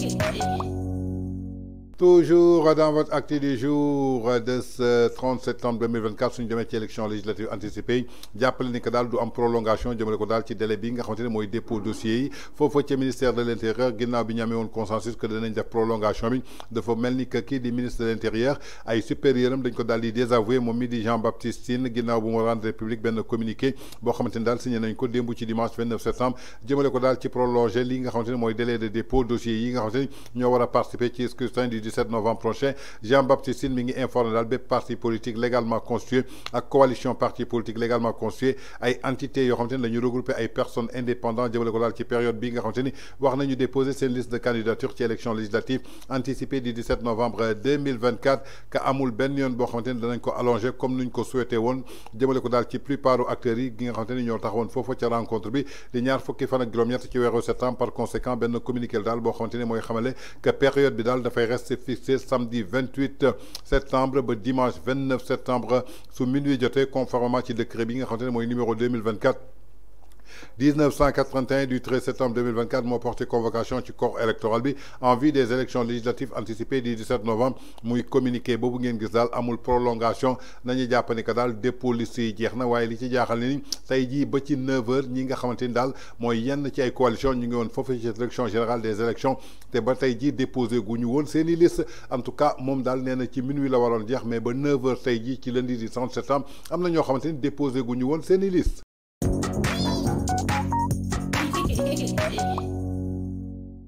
Yeah. toujours dans votre acte du jour de ce 30 septembre 2024 sur demee ci élection législative anticipée j'appelle ni que daal du am prolongation jëmale ko daal ci délai bi nga xamante ne dépôt dossier yi ci ministère de l'Intérieur, intérieur ginnaaw bi ñu consensus que danañ def prolongation bi dafa mel ni que di ministre de l'Intérieur intérieur ay supérieur am dañ ko daal di désavoué moom mi Jean Baptiste Tine ginnaaw bu République, rendre public benn communiqué boo xamante d'al, signé nañ ko démb ci dimanche 29 septembre jëmale ko daal ci prolongé li nga xamante ne délai de dépôt dossier yi nga xamante ne ñoo war participer ci scrutin du 17 novembre prochain Jean-Baptiste Mingi informe ngi informé parti politique légalement constitué ak coalition parti politique légalement constitué ay entité yoo xamante ni dañu ay personnes indépendantes jëmale ko période bi nga xamante wax nañu déposer liste de candidature ci élection législative anticipée du 17 novembre 2024 ka amul benn yoon boo xamante ko allongé comme nous ko souhaité Je vous ko daal ci plupart acteurs yi gi nga xamante ni ñoo taxawoon foofu ca rencontre bi di ñaar fukki ñett ci septembre par conséquent nous communiqué daal boo xamante que période bi daal dafay rester fixé samedi 28 septembre dimanche 29 septembre sous minuit jotee conformément ci décret de nga numéro 2024 1981 du 13 septembre 2024 m'ont porté convocation ci corps électoral bi en vue des élections législatives anticipées du 17 novembre muy communiqué bobu ngeen gis dal amul prolongation nañu jàpp ne que daal dépôt liste yi jeex na li ci jaaxal ni tey ba ci 9h ñi nga xamanteni dal moy yenn ci ay coalition ñi ngi won foofu ci direction générale des élections té ba tay ji déposé guñu won seen liste en tout cas mom dal néna ci minuit la waron jeex mais ba 9h tay ji ci lundi du 17 septembre am na ñoo xamante ni déposé seen liste. Thank